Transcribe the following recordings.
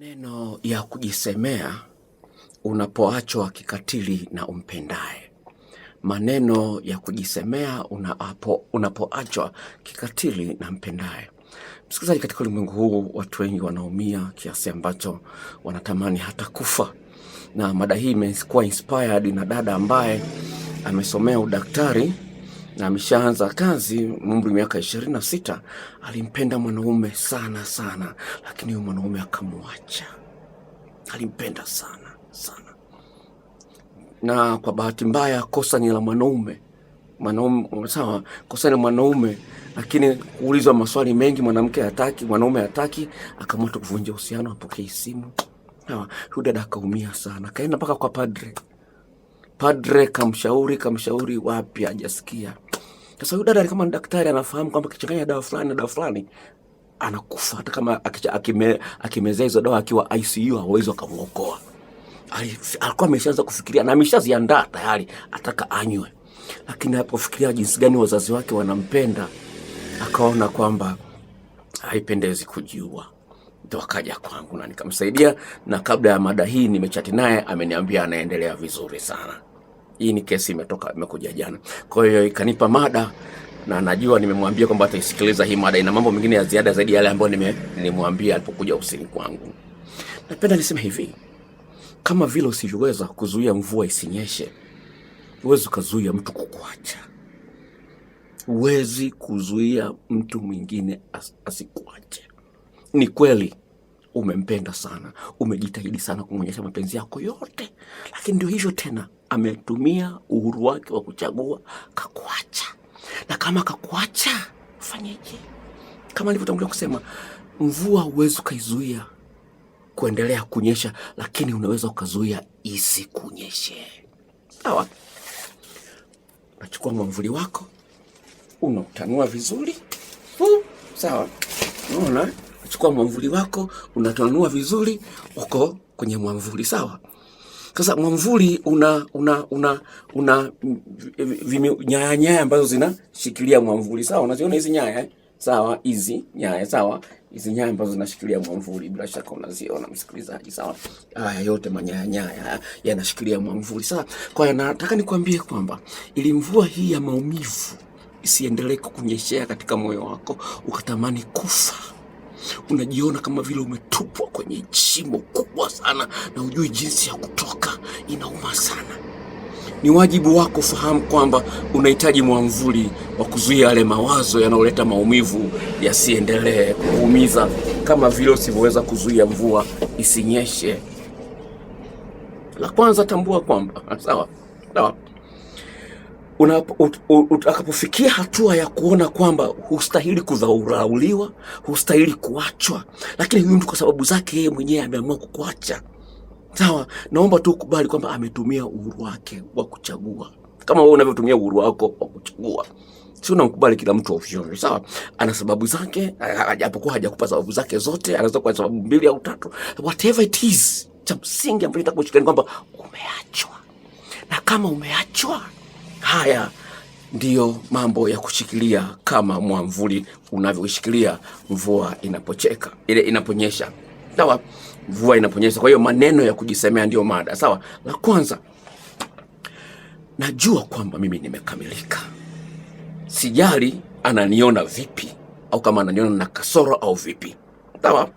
Maneno ya kujisemea unapoachwa kikatili na umpendaye. Maneno ya kujisemea unapoachwa kikatili na mpendaye. Msikilizaji, katika ulimwengu huu watu wengi wanaumia kiasi ambacho wanatamani hata kufa, na mada hii imekuwa inspired na dada ambaye amesomea udaktari na ameshaanza kazi umri miaka ishirini na sita. Alimpenda mwanaume sana sana, lakini huyo mwanaume akamwacha. Alimpenda sana sana, na kwa bahati mbaya kosa ni la mwanaume. Mwanaume sawa, kosa ni mwanaume, lakini kuulizwa maswali mengi, mwanamke hataki, mwanaume hataki, akamwata kuvunja uhusiano, apokee simu. Huyu dada akaumia sana, kaenda mpaka kwa padre. Padre kamshauri, kamshauri, wapi ajasikia sasa huyu dada kama daktari, anafahamu kwamba akichanganya dawa fulani na dawa fulani anakufa. Hata kama akime, akimezea hizo dawa akiwa ICU hawezi akamwokoa. Alikuwa ameshaanza kufikiria na ameshaziandaa tayari, ataka anywe, lakini alipofikiria jinsi gani wazazi wake wanampenda, akaona kwamba haipendezi kujiua. Ndo akaja kwangu na nikamsaidia, na kabla ya mada hii nimechati naye, ameniambia anaendelea vizuri sana. Hii ni kesi imetoka imekuja jana, kwa hiyo ikanipa mada na najua nimemwambia kwamba ataisikiliza hii mada. Ina mambo mengine ya ziada zaidi yale ambayo nime alipokuja usini kwangu. Napenda niseme hivi, kama vile usivyoweza kuzuia mvua isinyeshe, huwezi ukazuia mtu kukuacha. Huwezi kuzuia mtu mwingine as, asikuache. Ni kweli umempenda sana, umejitahidi sana kumwonyesha mapenzi yako yote, lakini ndio hivyo tena, ametumia uhuru wake wa kuchagua kakuacha. Na kama kakuacha, fanyeje? Kama nilivyotangulia kusema, mvua huwezi ukaizuia kuendelea kunyesha, lakini unaweza ukazuia isikunyeshe. Sawa, nachukua mwamvuli wako unautanua vizuri. Sawa, unaona chukua mwamvuli wako, unatanua vizuri, uko kwenye mwamvuli sawa. Sasa mwamvuli una una una una nyaya nyaya ambazo zinashikilia mwamvuli sawa. Unaziona hizi nyaya eh? Sawa, hizi nyaya sawa, hizi nyaya ambazo zinashikilia mwamvuli, bila shaka unaziona msikilizaji, sawa. Haya yote manyaya nyaya eh, yanashikilia mwamvuli sawa. Kwa hiyo nataka nikwambie kwamba ili mvua hii ya maumivu isiendelee kukunyeshea katika moyo wako ukatamani kufa unajiona kama vile umetupwa kwenye shimo kubwa sana na hujui jinsi ya kutoka. Inauma sana. Ni wajibu wako fahamu kwamba unahitaji mwamvuli wa kuzuia yale mawazo yanayoleta maumivu yasiendelee kuumiza, kama vile usivyoweza kuzuia mvua isinyeshe. La kwanza, tambua kwamba sawa sawa utakapofikia hatua ya kuona kwamba hustahili kudharauliwa, hustahili kuachwa, lakini huyu mtu kwa sababu zake yeye mwenyewe ameamua kukuacha, sawa, naomba tu ukubali kwamba ametumia uhuru wake wa kuchagua, kama wewe unavyotumia uhuru wako wa kuchagua. Si unamkubali kila mtu ovyo sawa. Ana sababu zake, japokuwa hajakupa sababu zake zote, anaweza kuwa sababu mbili au tatu, whatever it is. Cha msingi ambacho nataka kushikilia ni kwamba umeachwa, na kama umeachwa haya ndiyo mambo ya kushikilia kama mwamvuli unavyoshikilia mvua inapocheka ile inaponyesha. Sawa, mvua inaponyesha. Kwa hiyo maneno ya kujisemea ndiyo mada. Sawa, la kwanza, najua kwamba mimi nimekamilika, sijali ananiona vipi, au kama ananiona na kasoro au vipi. Sawa,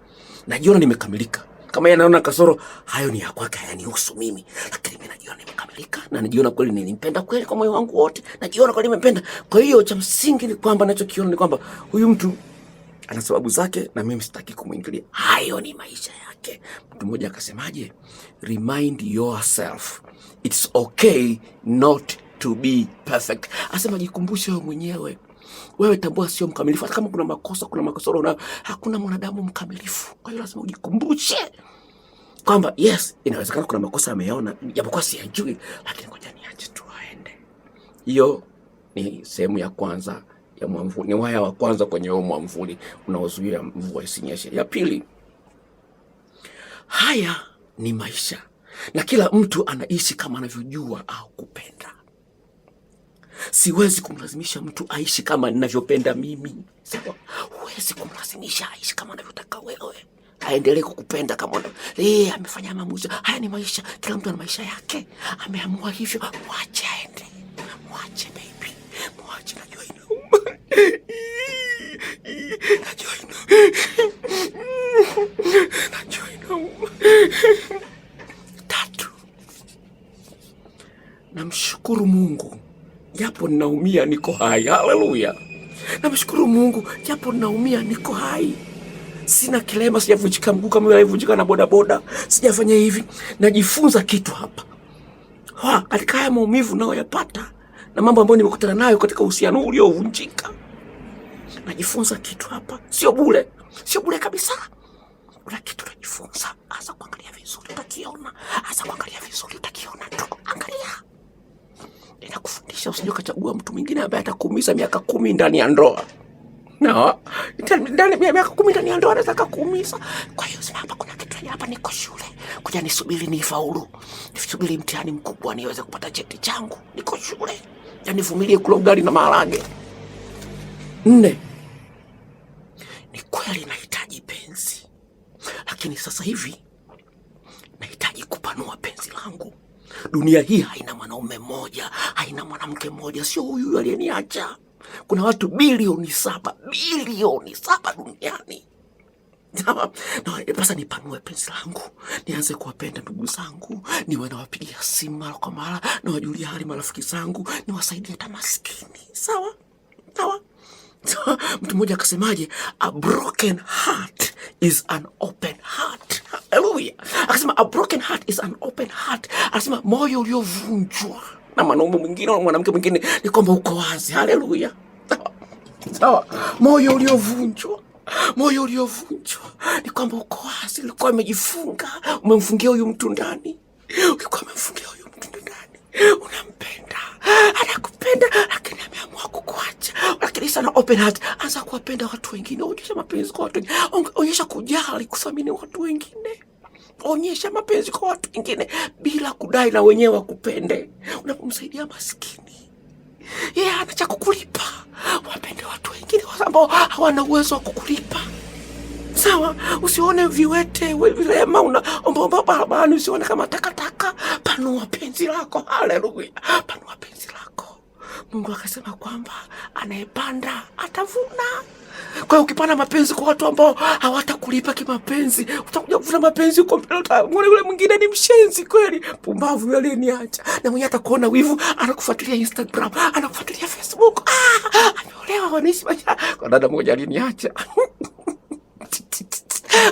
najiona nimekamilika. Kama yeye anaona kasoro, hayo ni ya kwake, hayanihusu mimi nimebadilika na najiona kweli nilimpenda kweli kwa moyo wangu wote, najiona kweli nimempenda. Kwa hiyo cha msingi ni kwamba nachokiona ni kwamba huyu mtu ana sababu zake na mimi sitaki kumwingilia, hayo ni maisha yake. Mtu mmoja akasemaje? Remind yourself it's okay not to be perfect. Asema jikumbushe wewe mwenyewe, wewe tambua sio mkamilifu, hata kama kuna makosa, kuna makosa unayo. Hakuna mwanadamu mkamilifu, kwa hiyo lazima ujikumbushe kwamba yes, inawezekana kuna makosa ameona, japokuwa siyajui, lakini ngoja niache tu aende. Hiyo ni sehemu ya kwanza ya mwamvuli, ni waya wa kwanza kwenye huo mwamvuli unaozuia mvua isinyeshe. Ya pili, haya ni maisha na kila mtu anaishi kama anavyojua au kupenda. Siwezi kumlazimisha mtu aishi kama ninavyopenda mimi, sawa? Huwezi kumlazimisha aishi kama anavyotaka wewe aendelee kukupenda kama amefanya maamuzi. Haya ni maisha, kila mtu ana maisha yake, ameamua hivyo. Mwache aende, mwache baby, mwache. Najua inauma, najua inauma, najua inauma. Tatu, namshukuru Mungu japo ninaumia, niko hai. Haleluya, namshukuru Mungu japo ninaumia, niko hai sina kilema, sijavunjika mguu kama alivunjika na bodaboda, sijafanya hivi. Najifunza kitu hapa ha, katika haya maumivu nayoyapata na mambo ambayo nimekutana nayo katika uhusiano uliovunjika, najifunza kitu hapa. Sio bure, sio bure kabisa. Kuna kitu najifunza, hasa kuangalia vizuri utakiona, hasa kuangalia vizuri utakiona tu, angalia inakufundisha usije ukachagua mtu mwingine ambaye atakuumiza miaka kumi ndani ya ndoa. No, miaka kumi ndani ya ndoa anaweza kakuumiza. Kwa hiyo sema hapa kuna kitu yaani hapa, niko shule, kuja nisubiri nifaulu, nisubiri mtihani mkubwa niweze kupata cheti changu, niko shule, yaani nivumilie kula ugali na maharage. Nne, ni kweli nahitaji penzi, lakini sasa hivi nahitaji kupanua penzi langu. Dunia hii haina mwanaume mmoja, haina mwanamke mmoja, sio huyu aliyeniacha kuna watu bilioni saba bilioni saba duniani. Napasa nipanue penzi langu, nianze kuwapenda ndugu zangu, niwe nawapigia simu mara kwa mara, nawajulia hali marafiki zangu, niwasaidie hata maskini. Sawa sawa. Mtu mmoja akasemaje, a broken heart is an open heart. Haleluya! Akasema a broken heart is an open heart, anasema moyo uliovunjwa na mwanaume mwingine na mwanamke mwingine, ni kwamba uko wazi. Haleluya! Sawa, moyo uliovunjwa moyo uliovunjwa ni kwamba uko wazi. Ulikuwa umejifunga, umemfungia huyu mtu ndani, ulikuwa umemfungia huyu mtu ndani, unampenda, anakupenda, lakini ameamua kukuacha. Lakini sana open heart, anza kuwapenda watu wengine, onyesha mapenzi kwa watu wengine, onyesha kujali, kuthamini watu wengine, onyesha mapenzi kwa watu wengine bila kudai na wenyewe wakupende unapomsaidia maskini, yeye hana cha kukulipa. Wapende watu wengine ambao hawana uwezo wa kukulipa. Sawa, usione viwete vilema, unaombaomba barabarani, usione kama takataka. Panua penzi lako. Haleluya, panua penzi lako. Mungu akasema kwamba anayepanda atavuna. Kwa hiyo ukipana mapenzi kwa watu ambao hawatakulipa kimapenzi, utakuja kuvuna mapenzi huko mbele, utaona yule mwingine ni mshenzi kweli, pumbavu yule aliyeniacha. Na mwenye atakuona wivu, anakufuatilia Instagram, anakufuatilia Facebook. Ah, ameolewa wanaishi maisha. Kwa dada mmoja aliniacha.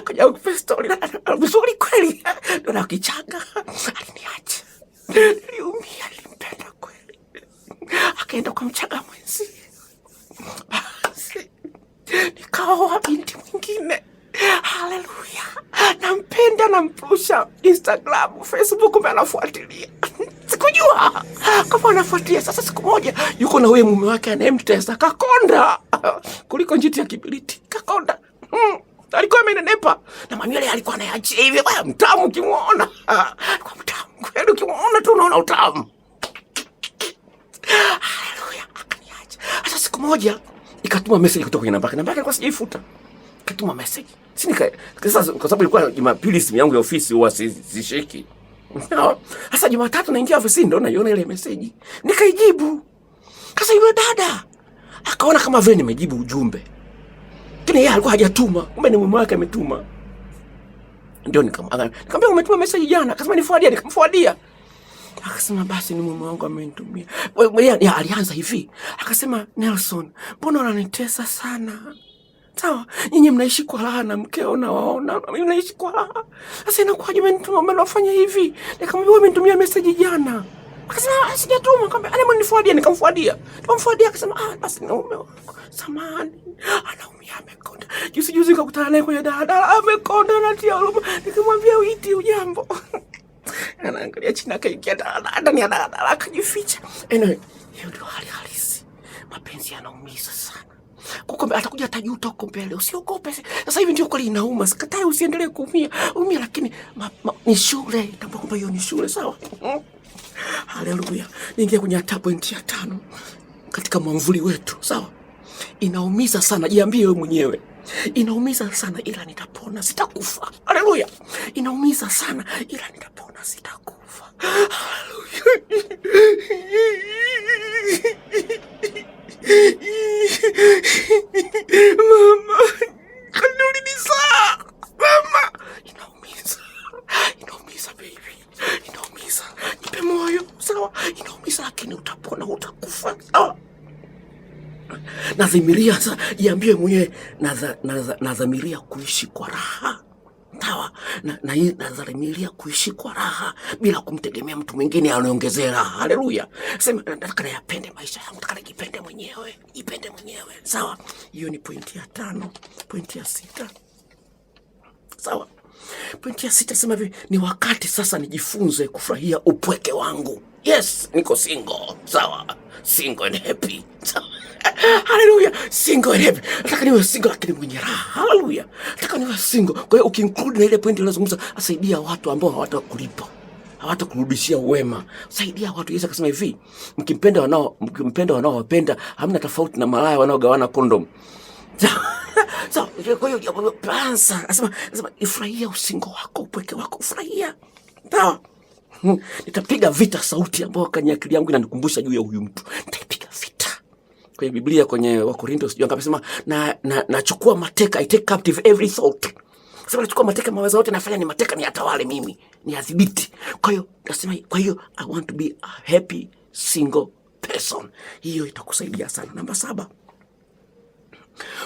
Kwenye kupa story na vizuri kweli. Ndio kichanga. Aliniacha. Niliumia, alimpenda kweli. Akaenda kwa mchanga akaoa binti mwingine. Haleluya, nampenda, nampusha Instagram, Facebook, ume anafuatilia sikujua kama anafuatilia. Sasa siku moja yuko na wewe mume wake anayemtesa Kakonda kuliko njiti ya kibiriti. Kakonda mm. alikuwa amenenepa na manywele alikuwa anayaachia hivi, baya mtamu, ukimwona Kwa mtamu kweli, ukimwona tu unaona utamu. Haleluya, akaniacha. Sasa siku moja akatuma message kutoka kwenye namba yake, namba yake alikuwa sijaifuta, akatuma message. Sini ka, sasa kwa sababu ilikuwa Jumapili, simu yangu ya ofisi huwa sishiki. Sasa Jumatatu naingia ofisini ndo naiona ile message, nikaijibu. Sasa yule dada akaona kama vile nimejibu ujumbe, lakini yeye alikuwa hajatuma, kumbe ni mume wake ametuma. Ndio nikamwambia, umetuma message jana? Akasema nifuadia, nikamfuadia Akasema basi ni mume wangu amenitumia. Alianza hivi akasema, Nelson, mbona unanitesa sana? Sawa, nyinyi mnaishi kwa raha na mkeo nawaona mnaishi kwa raha. Sasa inakuwaje umenituma umenafanya hivi? Nikamwambia wewe umenitumia message jana. Akasema ah, sijatuma, ana mnifuadia, nikamfuadia. Nikamfuadia akasema ah, basi ni mume Samahani. Anaumia amekonda. Juzi juzi nikakutana naye kwenye daladala amekonda huruma. Nikamwambia uiti ujambo. anaangalia chini akaingia ndani ya daladala akajificha. Anyway, hiyo ndio hali halisi. Mapenzi yanaumiza sana. Kukombe atakuja atajuta huko mbele. Usiogope. Sasa hivi ndio kweli inauma. Sikatai usiendelee kuumia. Umia lakini ma, ma, ni shule. Tambua kwamba hiyo ni shule, sawa? Hmm? Haleluya. Niingia kwenye point ya tano katika mwamvuli wetu, sawa? Inaumiza sana. Jiambie wewe mwenyewe. Inaumiza sana ila nitapona, sitakufa. Haleluya! Inaumiza sana ila nitapona, sitakufa. nadhimiria sasa, jiambie mwenyewe, nadhamiria kuishi kwa raha sawa, na nadhamiria kuishi kwa raha bila kumtegemea mtu mwingine aniongezee raha. Haleluya, sema nataka nayapende maisha yangu, nataka nijipende mwenyewe, jipende mwenyewe. Sawa, hiyo ni pointi ya tano. Pointi ya sita, sawa, pointi ya sita sema hivi, ni wakati sasa nijifunze kufurahia upweke wangu. Yes, niko single, sawa, single and happy, sawa Haleluya, single in heaven. Nataka niwe single lakini mwenye raha. Haleluya. Nataka niwe single. Kwa hiyo ukiinclude na ile point unazungumza, asaidia watu ambao hawatakulipa. Hawatakurudishia wema. Saidia watu. Yesu akasema hivi, mkimpenda wanao, mkimpenda wanaowapenda, hamna tofauti na malaya wanaogawana kondom. So, kwa hiyo pransa, anasema, anasema ifurahia usingo wako, upweke wako, ufurahia. Sawa? Nitapiga vita sauti ambayo kanyakili yangu inanikumbusha juu ya huyu mtu. nitapiga kwenye Biblia kwenye Wakorinto sijui ngapi sema na, na, nachukua mateka, I take captive every thought. Sema nachukua mateka mawazo yote, nafanya ni mateka, ni atawale mimi, ni adhibiti. Kwa hiyo nasema, kwa hiyo I want to be a happy single person. Hiyo itakusaidia sana. Namba saba,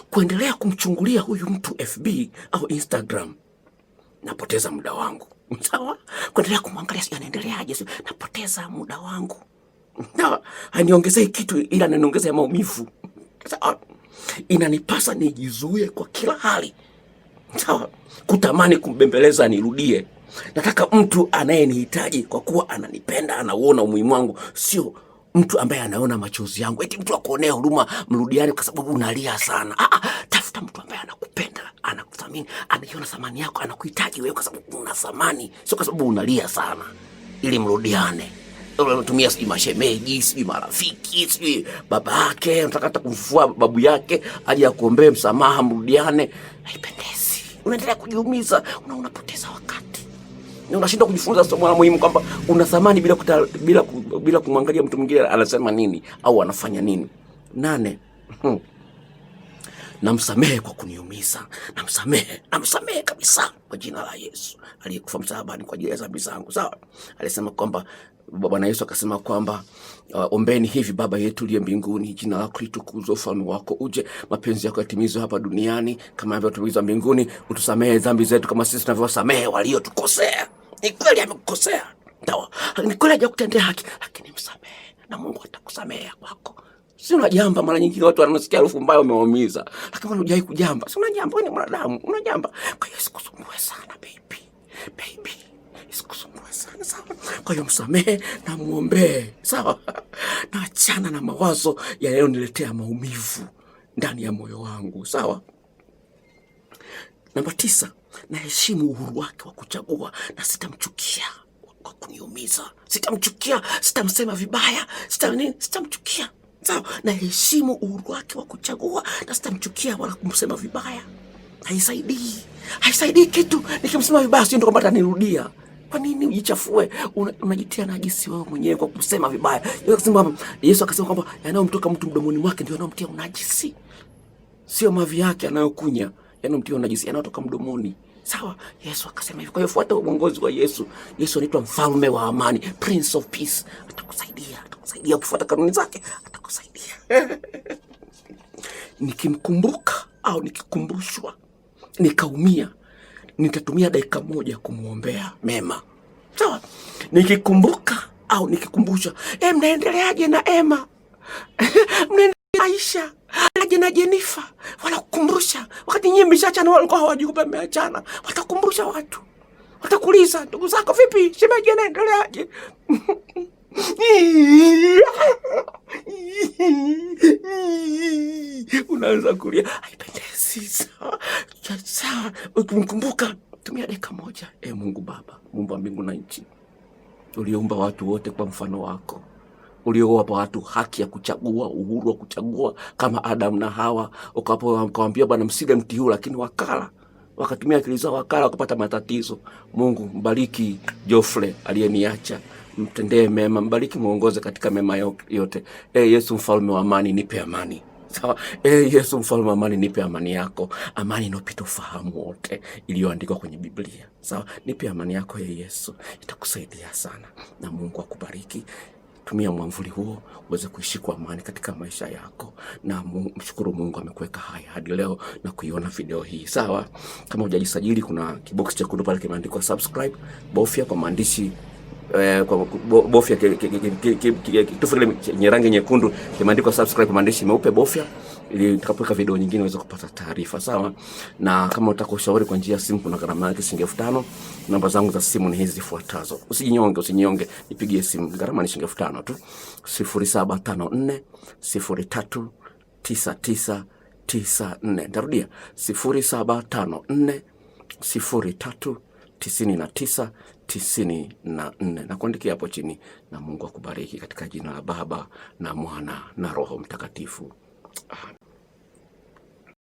kuendelea kumchungulia huyu mtu FB au Instagram, napoteza muda wangu. Sawa, kuendelea kumwangalia, anaendeleaje, napoteza muda wangu haniongezei kitu, ila naniongezea maumivu. Sawa, ah, inanipasa nijizuie kwa kila hali, sawa, kutamani kumbembeleza nirudie. Nataka mtu anayenihitaji kwa kuwa ananipenda, anauona umuhimu wangu, sio mtu ambaye anaona machozi yangu, eti mtu akuonea huruma, mrudiani kwa sababu unalia sana. Ah, Ah, tafuta mtu ambaye anakupenda, anakuthamini, anaiona thamani yako, anakuhitaji wewe kwa sababu una thamani, sio kwa sababu unalia sana, ili mrudiane anatumia sijui mashemeji, sijui marafiki, sijui baba yake, anataka hata kumfufua babu yake aje akuombee msamaha, mrudiane. Haipendezi, unaendelea kujiumiza una unapoteza wakati na unashindwa kujifunza somo la muhimu kwamba una thamani bila kuta, bila, bila kumwangalia mtu mwingine anasema nini au anafanya nini. Nane. Hmm. Namsamehe kwa kuniumiza, namsamehe, namsamehe kabisa kwa jina la Yesu aliyekufa msalabani kwa ajili ya dhambi zangu. Sawa, alisema kwamba Bwana Yesu akasema kwamba uh, ombeni hivi: Baba yetu uliye mbinguni, jina lako litukuzwe, ufalme wako uje, mapenzi yako yatimizwe hapa duniani kama yanavyotimizwa mbinguni. Utusamehe dhambi zetu kama sisi tunavyowasamehe waliotukosea. Ni kweli amekukosea, sawa, ni kweli hajakutendea haki, lakini msamehe na Mungu atakusamehe kwako. Si unajamba mara nyingi watu wanasikia harufu mbaya umewaumiza, lakini hujai kujamba. Si unajamba, wewe ni mwanadamu, unajamba. Kwa hiyo sikusumbue sana baby. Baby isikusumbua sana sawa. Kwa hiyo msamehe na muombe sawa, na achana na mawazo yanayoniletea maumivu ndani ya moyo wangu sawa. Namba tisa, naheshimu uhuru wake wa kuchagua na sitamchukia kwa kuniumiza, sitamchukia, sitamsema vibaya, sita nini, sitamchukia sawa. Naheshimu uhuru wake wa kuchagua na sitamchukia wala kumsema vibaya. Haisaidii, haisaidii kitu. Nikimsema vibaya, sio ndio kwamba atanirudia. Kwa nini ujichafue? Unajitia najisi wewe mwenyewe kwa kusema vibaya. Yesu akasema kwamba yanayomtoka mtu mdomoni mwake ndio yanayomtia unajisi, sio mavi yake anayokunya yanayomtia unajisi, yanayotoka mdomoni. Sawa, Yesu akasema hivyo. Kwa hiyo fuata uongozi wa Yesu. Yesu anaitwa mfalme wa amani, Prince of Peace. Atakusaidia, atakusaidia kufuata kanuni zake, atakusaidia nikimkumbuka au nikikumbushwa nikaumia nitatumia dakika moja kumwombea mema, sawa? Nikikumbuka au nikikumbusha, e, mnaendeleaje na Emma? mnaendeleaje Aisha aje na Jenifa? Wanakukumbusha wakati nyie mmeshachana, walikuwa hawajui kwamba mmeachana. watu, watakuuliza ndugu zako, vipi shemeji, anaendeleaje? Unaweza kulia, haipendezi sawa saa ukimkumbuka tumia dakika moja. E Mungu Baba, muumba wa mbingu na nchi, uliumba watu wote kwa mfano wako, uliowapa watu haki ya kuchagua, uhuru wa kuchagua kama Adamu na Hawa, ukawaambia bwana, msile mti huu, lakini wakala wakatumia akili zao, wakala wakapata matatizo. Mungu mbariki Jofre aliyeniacha, mtendee mema, mbariki, muongoze katika mema yote. E Yesu mfalme wa amani, nipe amani Sawa. E, Yesu mfalme amani, nipe amani yako, amani inayopita ufahamu wote iliyoandikwa kwenye Biblia. Sawa, nipe amani yako ye Yesu, itakusaidia sana, na Mungu akubariki. Tumia mwamvuli huo uweze kuishi kwa amani katika maisha yako, na mshukuru Mungu amekuweka hai hadi leo na kuiona video hii. Sawa, kama hujajisajili, kuna kiboksi chekundu pale kimeandikwa subscribe, bofya kwa maandishi Eh, kwa bofya kitufe kile chenye rangi nyekundu kimeandikwa subscribe kwa maandishi meupe, bofya ili utakapoweka video nyingine uweze kupata taarifa sawa. Na kama unataka ushauri kwa njia ya simu, kuna gharama yake shilingi elfu tano. Namba zangu za simu ni hizi zifuatazo, usijinyonge, usinyonge, nipigie simu, gharama ni shilingi elfu tano tu, saba tano nne sifuri tatu tisini na tisa tisini na nne. kuandikia hapo chini, na Mungu akubariki katika jina la Baba na Mwana na Roho Mtakatifu. Amen.